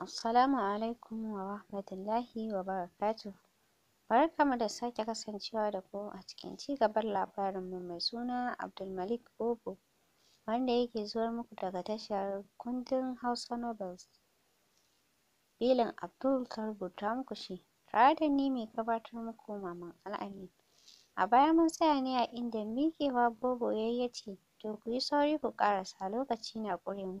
Assalamu alaikum wa rahmatullahi wa barakatuh. Barkamu da sake kasancewa da ku a cikin cigaban labarinmu mai suna Abdulmalik Bobo wanda yake zuwar muku daga tashar kundin Hausa Novels. Bilin Abdul ta rubuta muku shi tare da ni mai gabatar muku Maman al'ami A baya mun tsaya ne a inda miƙewa Bobo ya yi ya ce, to kuyi sauri ku ƙarasa lokaci na ƙure mu.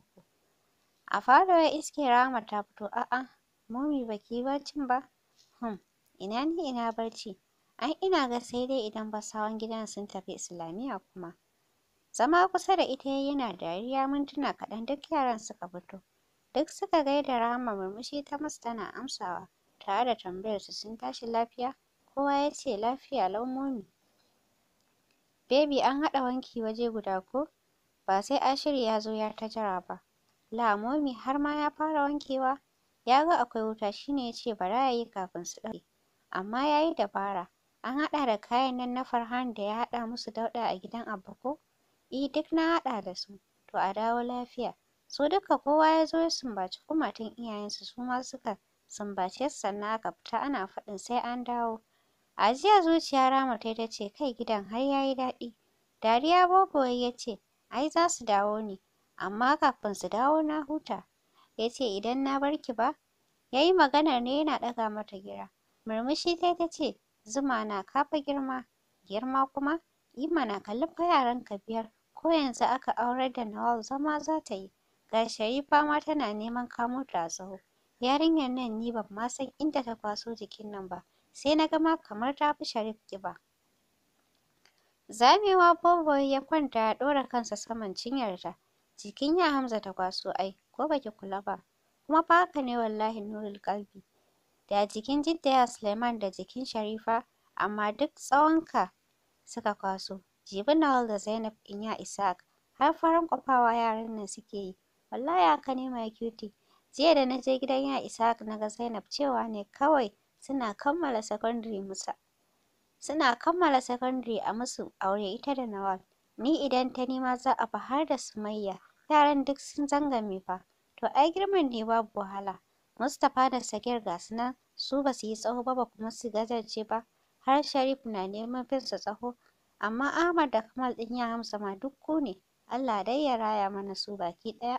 A fara ya iske Rahama ta fito, a'a, momi ba barcin ba? Hum, ina ni ina barci? Ai ina ga sai dai idan sawan gidan sun tafi Islamiyya kuma. Zama kusa da ita yana dariya mintuna kaɗan duk yaran suka fito. Duk suka gaida rama murmushi ta musu tana amsawa, tare da tambayar su sun tashi lafiya? Kowa ya ce lafiya lau momi. Baby an haɗa wanki waje guda ko? Ba sai Ashiru ya zo ya ta jira ba. Lamomi har ma ya fara wankewa. Ya ga akwai wuta shi ne ya ce bari ya yi kafin su ɗauke. Amma ya yi dabara. An haɗa da kayan nan na Farhan da ya haɗa musu dauɗa a gidan Abba ko? Eh duk na haɗa da su. To a dawo lafiya. Su duka kowa ya zo ya sumbaci kumatun iyayensu su ma suka sumbace su sannan aka fita ana faɗin sai an dawo. A jiya zuciya Rama ta ta ce kai gidan har ya yi daɗi. Dariya Bobo ya ce ai za su dawo ne. amma kafin su dawo na huta. Ya ce idan na bar ki ba? Ya yi maganar ne yana ɗaga mata gira. Murmushi ta ta ce, zuma na kafa girma, girma kuma? ima na kalli fa ka biyar, ko yanzu aka aurar da Nawal zama za ta yi. Ga Sharifa ma tana neman kamo ta a Yarinyar nan ni ban ma san inda ta kwaso jikin nan ba, sai na gama kamar ta fi Sharif ƙiba. Zamewa Bobo ya kwanta ya ɗora kansa saman cinyarta. Jikin ya Hamza ta kwaso ai, ko baki kula ba. Kuma fa haka ne wallahi nurul kalbi. Da jikin Jidda ya Suleiman da jikin Sharifa, amma duk tsawonka suka kwaso. Jibi Nawal da Zainab in ya Isaac, har farin kwafawa yaran nan suke yi. Wallahi haka ne mai cutie. Jiya da na je gidan ya Isaac na ga Zainab cewa ne kawai suna kammala secondary musa. Suna kammala sakandare a musu aure ita da Nawal. Ni idan ta nima za a fi har da Sumayya. yaran duk sun zangame fa to ai girman ne babu wahala Mustapha da Sagir ga su nan su ba su yi tsaho ba ba kuma su gazarce ba har Sharif na neman finsa tsaho amma Ahmad da Kamal din ya hamsa ma duk ku ne Allah dai ya raya mana su baki ɗaya.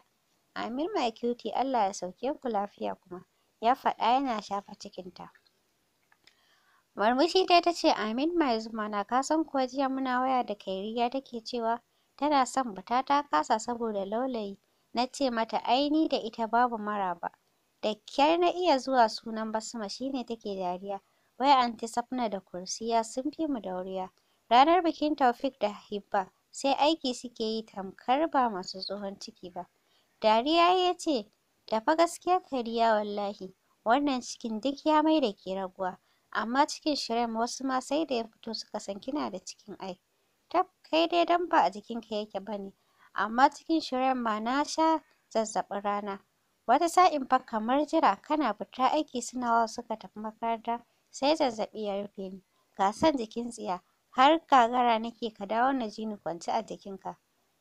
Amir my cutie Allah ya sauke ku lafiya kuma ya faɗa yana shafa cikinta. Marmushi dai ta ce Amin mai zuma na kasan kuwa jiya muna waya da Kairiya take cewa tana son fita ta kasa saboda laulayi na ce mata ai ni da ita babu maraba da kyar na iya zuwa sunan basma shine take dariya wai anti safna da kursiya sun fi mu dauriya ranar bikin taufik da hibba sai aiki suke yi tamkar ba masu tsohon ciki ba dariya ya ce da fa gaskiya kariya wallahi wannan cikin duk ya mai da ke raguwa amma cikin shirin wasu ma sai da ya fito suka san kina da cikin aiki. tab kai dai dan ba a jikinka yake bane amma cikin shirin ma na sha zazzaɓin rana wata sa'in fa kamar jira kana fita aiki suna wa suka tafi makaranta sai zazzaɓi ya rufe ni ga son jikin tsiya har gagara nake ka dawo na ji ni kwance a jikinka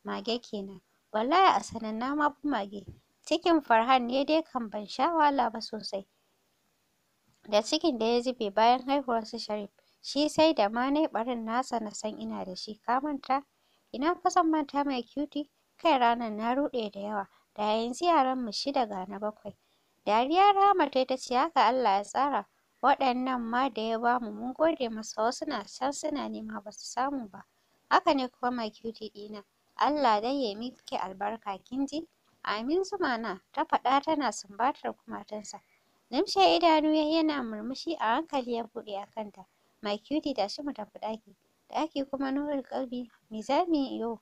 mage kenan wallahi a sanin na ma fi mage cikin Farhan ne dai kan ban sha wahala ba sosai da cikin da ya zube bayan haihuwar su Sharif Shi sai da ma nai ɓarin nasa na san ina da shi, ka manta? Ina fa san manta mai cutie? Kai ranar na ruɗe da yawa, da yanzu mu shida ga na bakwai. Dariya rama ta ta ce haka Allah ya tsara, waɗannan ma da ya bamu mun gode masa wasu na can suna nema ba su samu ba. Haka ne kuma mai cutie ɗina, Allah dai ya miki albarka kin ji? Amin na ta faɗa tana sumbatar kumatunsa. Limshe idanu yana murmushi a hankali ya buɗe a kanta. My cutie shi mu tafi ɗaki. kuma nurin ƙalbi me za mu yi yo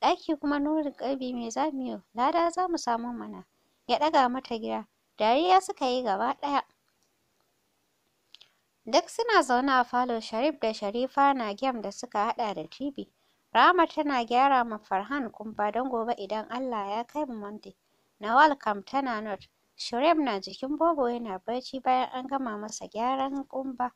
daki kuma nurin ƙalbi me za mu yau? Lada za mu samu mana. Ya ɗaga mata gida Dariya suka yi gaba ɗaya. Duk suna zaune a falo Sharif da Sharifa na gem da suka haɗa da TV. Rama tana gyara ma Farhan kumfa don gobe idan Allah ya kai mu Monday. Nawal kam tana not. Shurem na jikin Bobo yana barci bayan an gama masa gyaran kumba.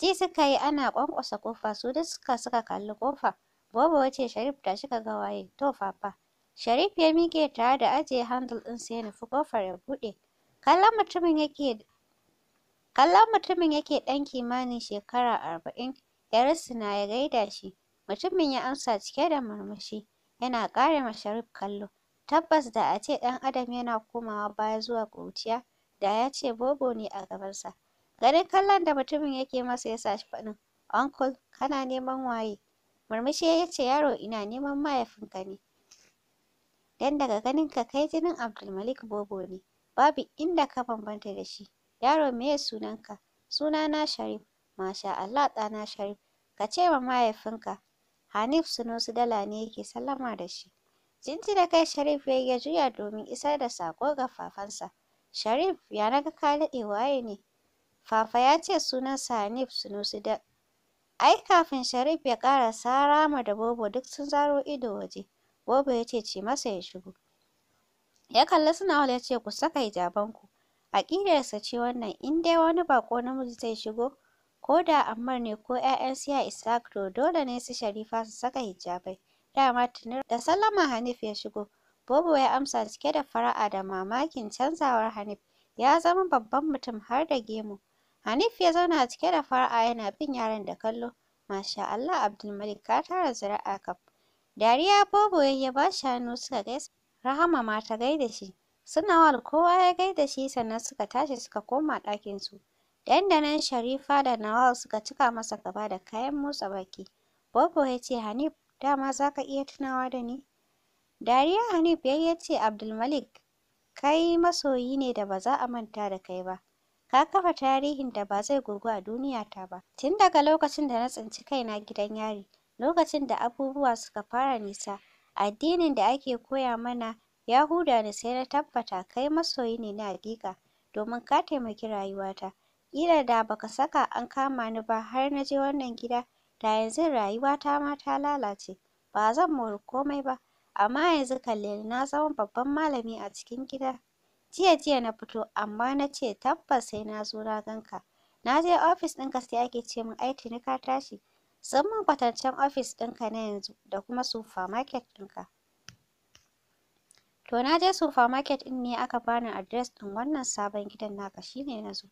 Ji suka yi ana kwankwasa ƙofa su da suka suka kalli ƙofa. Bobo ya ce Sharif tashi ka ga waye, to fafa. Sharif ya miƙe tare da ajiye handle ɗin sai ya nufi ƙofar ya buɗe. Kallon mutumin yake kallon mutumin yake ɗan kimanin shekara arba'in ya na ya gaida shi. Mutumin ya amsa cike da murmushi yana kare ma Sharif kallo. Tabbas da a ce ɗan adam yana komawa baya zuwa ƙuruciya da ya ce bobo ne a gabansa. Ganin kallon da mutumin yake masa ya sa shi faɗin, Uncle, kana neman waye? Murmushi ya ce yaro ina neman mahaifinka ne. Dan daga ganin ka kai jinin Abdulmalik Bobo ne, babu inda ka bambanta da shi. Yaro meye sunanka? Sunana Sharif. Masha Allah ɗana Sharif. Ka ce wa mahaifinka, Hanif Sunusi dala ne yake sallama da shi. da kai Sharif ya ya juya domin isar da sako ga fafansa. Sharif, ya naga ka daɗe waye ne? Fafa ya ce sunansa Hanif Sunusi da ai kafin Sharif ya ƙara sarama da Bobo duk sun zaro ido waje. Bobo ya ce ce masa ya shigo. Ya kalli wala ya ce ku saka hijabanku. Aƙidarsa ce wannan in dai wani baƙo namiji zai shigo ko da Ammar ne ko ‘ya'yan siya Isaac to dole ne su Sharifa su saka hijabai. Dama tuni da Salama Hanif ya shigo. Bobo ya amsa cike da fara'a da mamakin canzawar Hanif. Ya zama babban mutum har da gemu. Hanif ya zauna cike da fara'a yana bin yaran da kallo. Masha Allah Abdulmalik ka tara zuri'a kaf. Dariya Bobo ya ba shi hannu suka gaisa. Rahama ma ta gaida shi. Sunawal kowa ya gaida shi sannan suka tashi suka koma ɗakinsu. Dandanan Sharifa da Nawal suka cika masa gaba da kayan motsa baki. Bobo ya ce Hanif dama za ka iya tunawa da ni? Dariya Hanif ya ce Abdulmalik kai masoyi ne da ba za a manta da kai ba. ka kafa tarihin da ba zai gurgu a ta ba tun daga lokacin da na tsinci kaina gidan yari lokacin da abubuwa suka fara nisa addinin da ake koya mana ya huda ni sai na tabbata kai masoyi ne na haƙiƙa domin ka taimaki rayuwata ƙila da baka saka an kama ni ba har na je wannan gida da yanzu rayuwata ma ta lalace ba zan mori komai ba amma yanzu kalle na zama babban malami a cikin gida Jiya jiya na fito amma na ce tabbas sai na zo na ganka. Na je ofis ɗinka sai ake ce min ai tuni ka tashi. Sun mun kwatancen ofis ɗinka na yanzu da kuma supermarket ɗinka. To na je supermarket ɗin ne aka bani adres ɗin wannan sabon gidan naka shine na zo.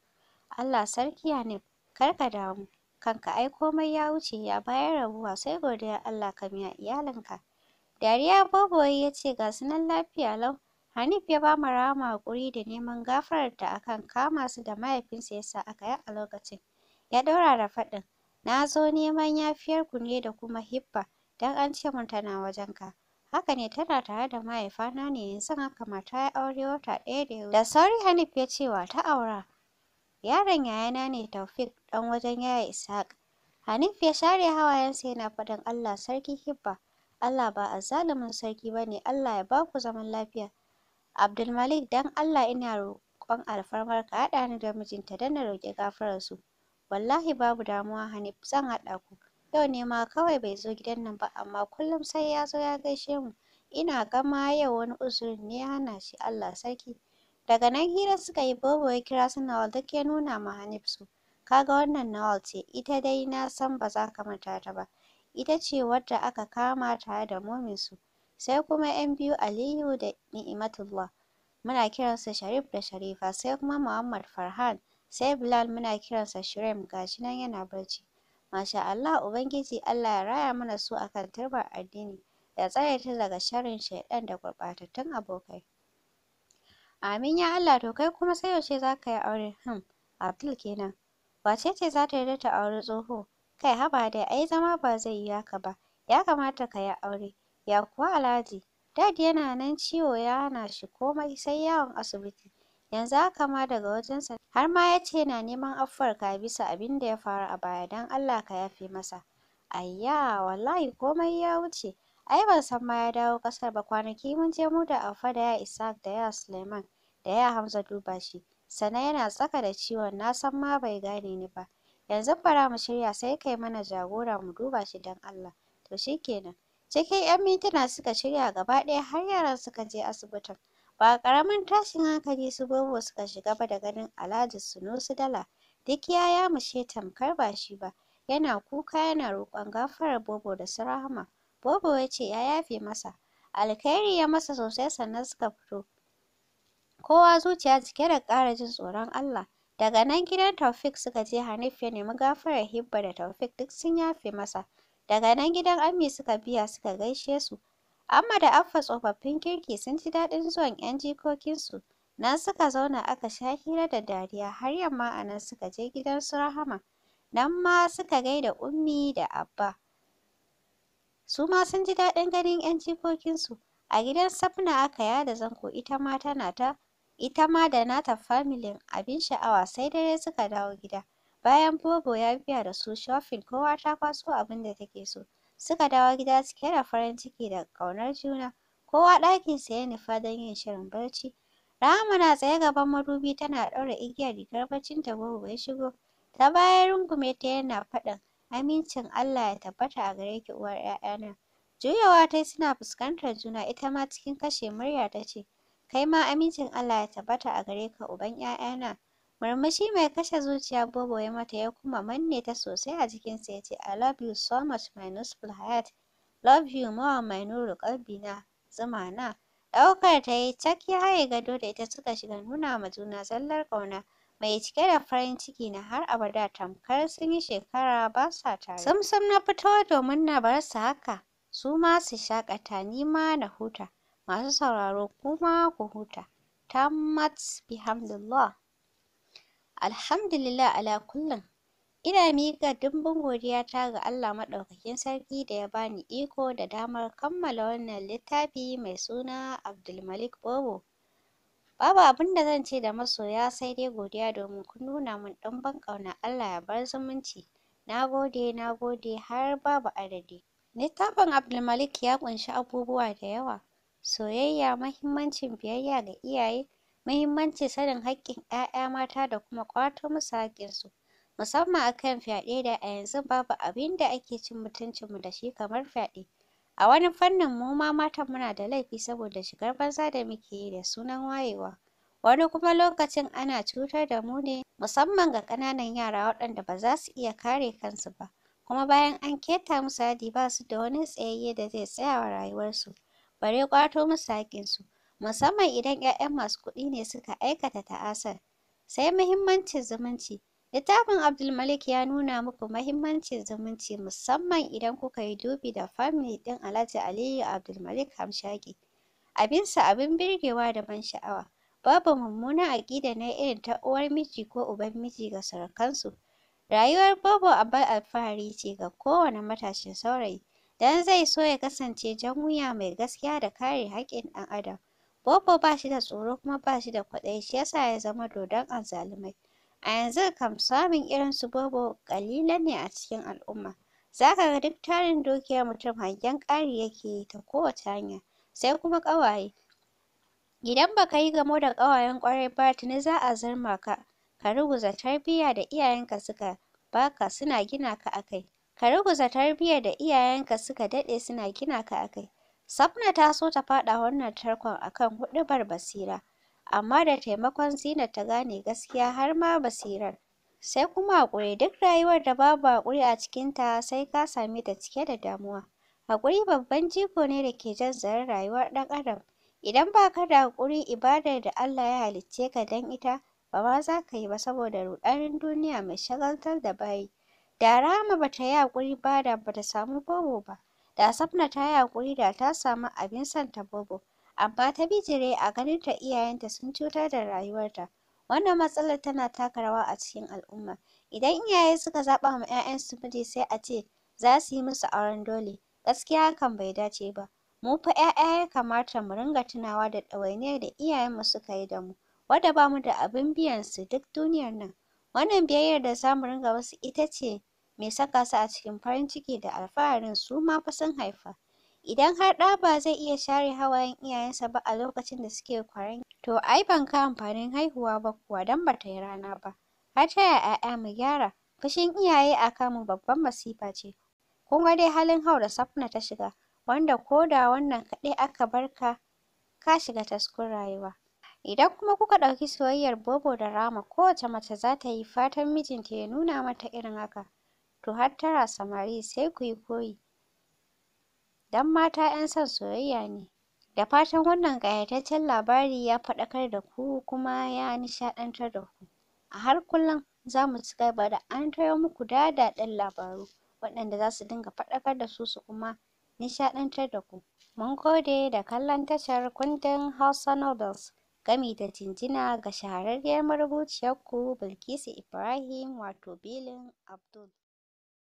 Allah sarki ne kar ka damu. Kanka ai komai ya wuce ya bayan rabuwa sai godiya Allah ka miya iyalinka. Dariya Boboyi ya ce ga sunan lafiya lau. Hanif ya ba Marama haƙuri da neman gafararta a kan kama su da mahaifinsa ya sa aka yi a lokacin. Ya ɗora da faɗin, na zo neman yafiyarku ne da kuma Hibba don an ce min tana wajenka. Haka ne tana tare da mahaifana ne yanzu haka mata ya aure wata ɗaya da yau. Da sauri Hanif ya ce wa ta aura. Yaron yayana ne Taufik ɗan wajen yaya Ishaq. Hanif ya share hawayensa yana faɗin Allah sarki Hibba. Allah ba azzalumin sarki ba ne, Allah ya ba ku zaman lafiya. Abdulmalik dan Allah ina roƙon alfarmar ka haɗa ni da mijinta don na roƙi su. Wallahi babu damuwa Hanif zan haɗa ku. Yau ne ma kawai bai zo gidan nan ba amma kullum sai ya zo ya gaishe mu. Ina gama yau wani uzurin ne ya hana shi Allah sarki. Daga nan hira suka yi Bobo ya kira su Nawal duk ya nuna ma Hanif su. Kaga wannan Nawal ce ita dai na san ba za ka manta ta ba. Ita ce wadda aka kama tare da mominsu. sai kuma yan biyu Aliyu da Ni'imatullah muna kiransa Sharif da Sharifa sai kuma Muhammad Farhan sai Bilal muna kiransa Shirem gashi nan yana barci masha Allah ubangiji Allah ya raya mana su akan turbar addini ya tsare ta daga sharrin shaiɗan da gurɓatattun abokai Amin ya Allah to kai kuma sai yaushe za ka yi aure? Hmm, Abdul kenan. Wace ce za ta yarda ta auri tsoho? Kai haba dai ai zama ba zai yi haka ba. Ya kamata ka yi aure. Ya kuwa Alhaji? Dad yana nan ciwo ya hana shi komai sai yawon asibiti. Yanzu haka ma daga wajensa har ma ya ce yana neman afuwarka bisa abin da ya faru a baya don Allah ka yafe masa. Ayya wallahi komai ya wuce. Ai ban san ma ya dawo ƙasar ba kwanaki mun je mu da Alfa da ya Ishaq da ya Suleiman da ya Hamza duba shi. Sana yana tsaka da ciwon na san ma bai gane ni ba. Yanzu fara mu shirya sai kai mana jagora mu duba shi don Allah. To shi kenan. Cikin 'yan mintuna suka shirya gaba ɗaya har yaran suka je asibitin. Ba karamin tashin hankali su Bobo suka shiga ba da ganin Alhaji Sunusi Dala duk ya yamushe tamkar ba shi ba. Yana kuka yana roƙon gafarar Bobo da su Rahama. Bobo ya ce ya yafe masa. Alkhairi ya masa sosai sannan suka fito. Kowa zuciya cike da ƙara jin tsoron Allah. Daga nan gidan Taufik suka je Hanif ya nemi gafarar Hibba da Taufik duk sun yafe masa. Daga nan gidan Ami suka biya suka gaishe su. Amma da Affa tsofaffin kirki sun ji daɗin zuwan 'yan jikokinsu. Nan suka zauna aka sha hira da dariya har yamma a nan suka je gidan su Rahama. Nan ma suka gaida Ummi da Abba. Su ma sun ji daɗin ganin 'yan jikokinsu. A gidan Safna aka yada zanko ita ma tana ta ita ma da nata familin abin sha'awa sai dare suka dawo gida. Bayan Bobo ya biya da su shopping kowa ta kwaso abin da take so. Suka dawo gida cike da farin ciki da kaunar juna. Kowa ɗakinsa ya nufa don yin shirin barci. Rahama na tsaye gaban madubi tana ɗaura igiyar rigar barcinta Bobo ya shigo. Ta bayan rungume ta yana faɗin amincin Allah ya tabbata a gare ki uwar 'ya'yana. Juyawa ta suna fuskantar juna ita ma cikin kashe murya ta ce, Kai ma amincin Allah ya tabbata a gare ka uban 'ya'yana. Murmushi mai kashe zuciya Bobo ya mata ya kuma manne ta sosai a jikinsa ya ce, I love you so much my Nusful Hayat. Love you more my Nuru na zuma na. Ɗaukar ta yi cak ya haye gado da ita suka shiga nuna ma juna zallar ƙauna. mai cike da farin ciki na har abada tamkar sun yi shekara ba sa tare. Samsam na fito domin na bar su haka, su ma su shaƙata ni ma na huta, masu sauraro kuma ku huta. Tammat bihamdullah Alhamdulillah ala kullum. Ina miƙa dimbin godiyata ga Allah Maɗaukakin Sarki da ya bani iko da damar kammala wannan littafi mai suna Abdulmalik Bobo. Babu abin da zan ce da masoya sai dai godiya domin kun nuna min ɗumbin ƙauna Allah ya bar zumunci. Na gode, na gode har babu adadi. Littafin Abdulmalik ya ƙunshi abubuwa da yawa. Soyayya, mahimmancin biyayya ga iyaye, Muhimmanci sanin haƙƙin ƴaƴa mata da kuma ƙwato musu haƙƙinsu, musamman akan fyaɗe da a yanzu babu abinda ake cin mutuncinmu da shi kamar fyaɗe. A wani fannin mu ma matan muna da laifi saboda shigar banza da muke yi da sunan wayewa. Wani kuma lokacin ana cutar da mu ne musamman ga ƙananan yara waɗanda ba su iya kare kansu ba, kuma bayan an keta musu hadi ba da wani tsayayye da zai tsaya wa rayuwarsu, bare ƙwato musu haƙƙinsu. musamman idan 'ya'yan masu kuɗi ne suka aikata ta'asar. Sai muhimmancin zumunci. Littafin Abdulmalik ya nuna muku muhimmancin zumunci musamman idan kuka yi dubi da family ɗin Alhaji Aliyu Abdulmalik Hamshaki. Abinsa abin birgewa da ban sha'awa. Babu mummuna aƙida na irin ta uwar miji ko uban miji ga surukansu. Rayuwar Bobo abar alfahari ce ga kowane matashin saurayi, don zai so ya kasance jan wuya mai gaskiya da kare haƙƙin ɗan adam. Bobo ba shi da tsoro kuma ba shi da kwaɗayi shi yasa ya zama dodon azzalumai. A yanzu kam samun irin su Bobo ƙalilan ne a cikin al'umma. Za ka ga duk tarin dukiyar mutum hangen ƙari yake yi ta kowace hanya. Sai kuma ƙawaye. Idan ba ka yi gamo da ƙawayen ƙwarai ba tuni za a zarma ka, ka ruguza tarbiyya da iyayenka suka baka suna gina ka a kai. Ka ruguza tarbiyya da iyayenka suka daɗe suna gina ka a kai. sabna ta so ta faɗa wannan tarkon akan huɗubar Basira, amma da taimakon Zina ta gane gaskiya har ma Basirar. Sai kuma haƙuri, duk rayuwar da babu haƙuri a cikinta sai ka same ta cike da damuwa. Haƙuri babban jigo ne da ke jan zarar rayuwar ɗan adam. Idan ba ka da haƙuri ibadar da Allah ya halicce ka don ita ba ma za ka yi ba saboda ruɗanin duniya mai shagaltar da bayi. Da rama ba ta yi haƙuri ba da ba ta samu bobo ba. Da Safna ta yi haƙuri da ta samu abin santa Bobo, amma ta bi bijire a ganinta iyayenta sun cutar da rayuwarta. Wannan matsalar tana taka rawa a cikin al'umma. Idan iyaye suka zaɓa ma 'ya'yansu miji sai a ce za su yi musu auren dole. Gaskiya hakan bai dace ba. Mu fa 'ya'ya ya kamata mu ringa tunawa da ɗawainiyar da iyayenmu suka yi da mu, wadda bamu da abin biyan su duk duniyar nan. Wannan biyayyar da za mu ringa wasu ita ce mai saka su a cikin farin ciki da alfaharin su ma fa haifa. Idan har ɗa ba zai iya share hawayen iyayensa ba a lokacin da suke kwaran to ai ban ka amfanin haihuwa ba kuwa don ba ta yi rana ba. Har ta yaya 'ya'ya mu gyara? Fushin iyaye a kamu babban masifa ce. Kun ga dai halin hau da Safna ta shiga, wanda ko da wannan kaɗai aka bar ka, ka shiga taskun rayuwa. Idan kuma kuka ɗauki soyayyar Bobo da Rama, kowace mace za ta yi fatan mijinta ya nuna mata irin haka. to har tara samari sai ku yi koyi don mata 'yan son soyayya ne da fatan wannan ƙayataccen labari ya faɗakar da ku kuma ya nishaɗantar da ku a har kullum za mu ci gaba da tayo muku daɗin labaru waɗanda za su dinga faɗakar da su su kuma nishaɗantar da ku mun gode da kallon tashar kundin Hausa Novels gami da jinjina ga shahararriyar marubuciyar ku Bilkisu Ibrahim wato Bilin Abdul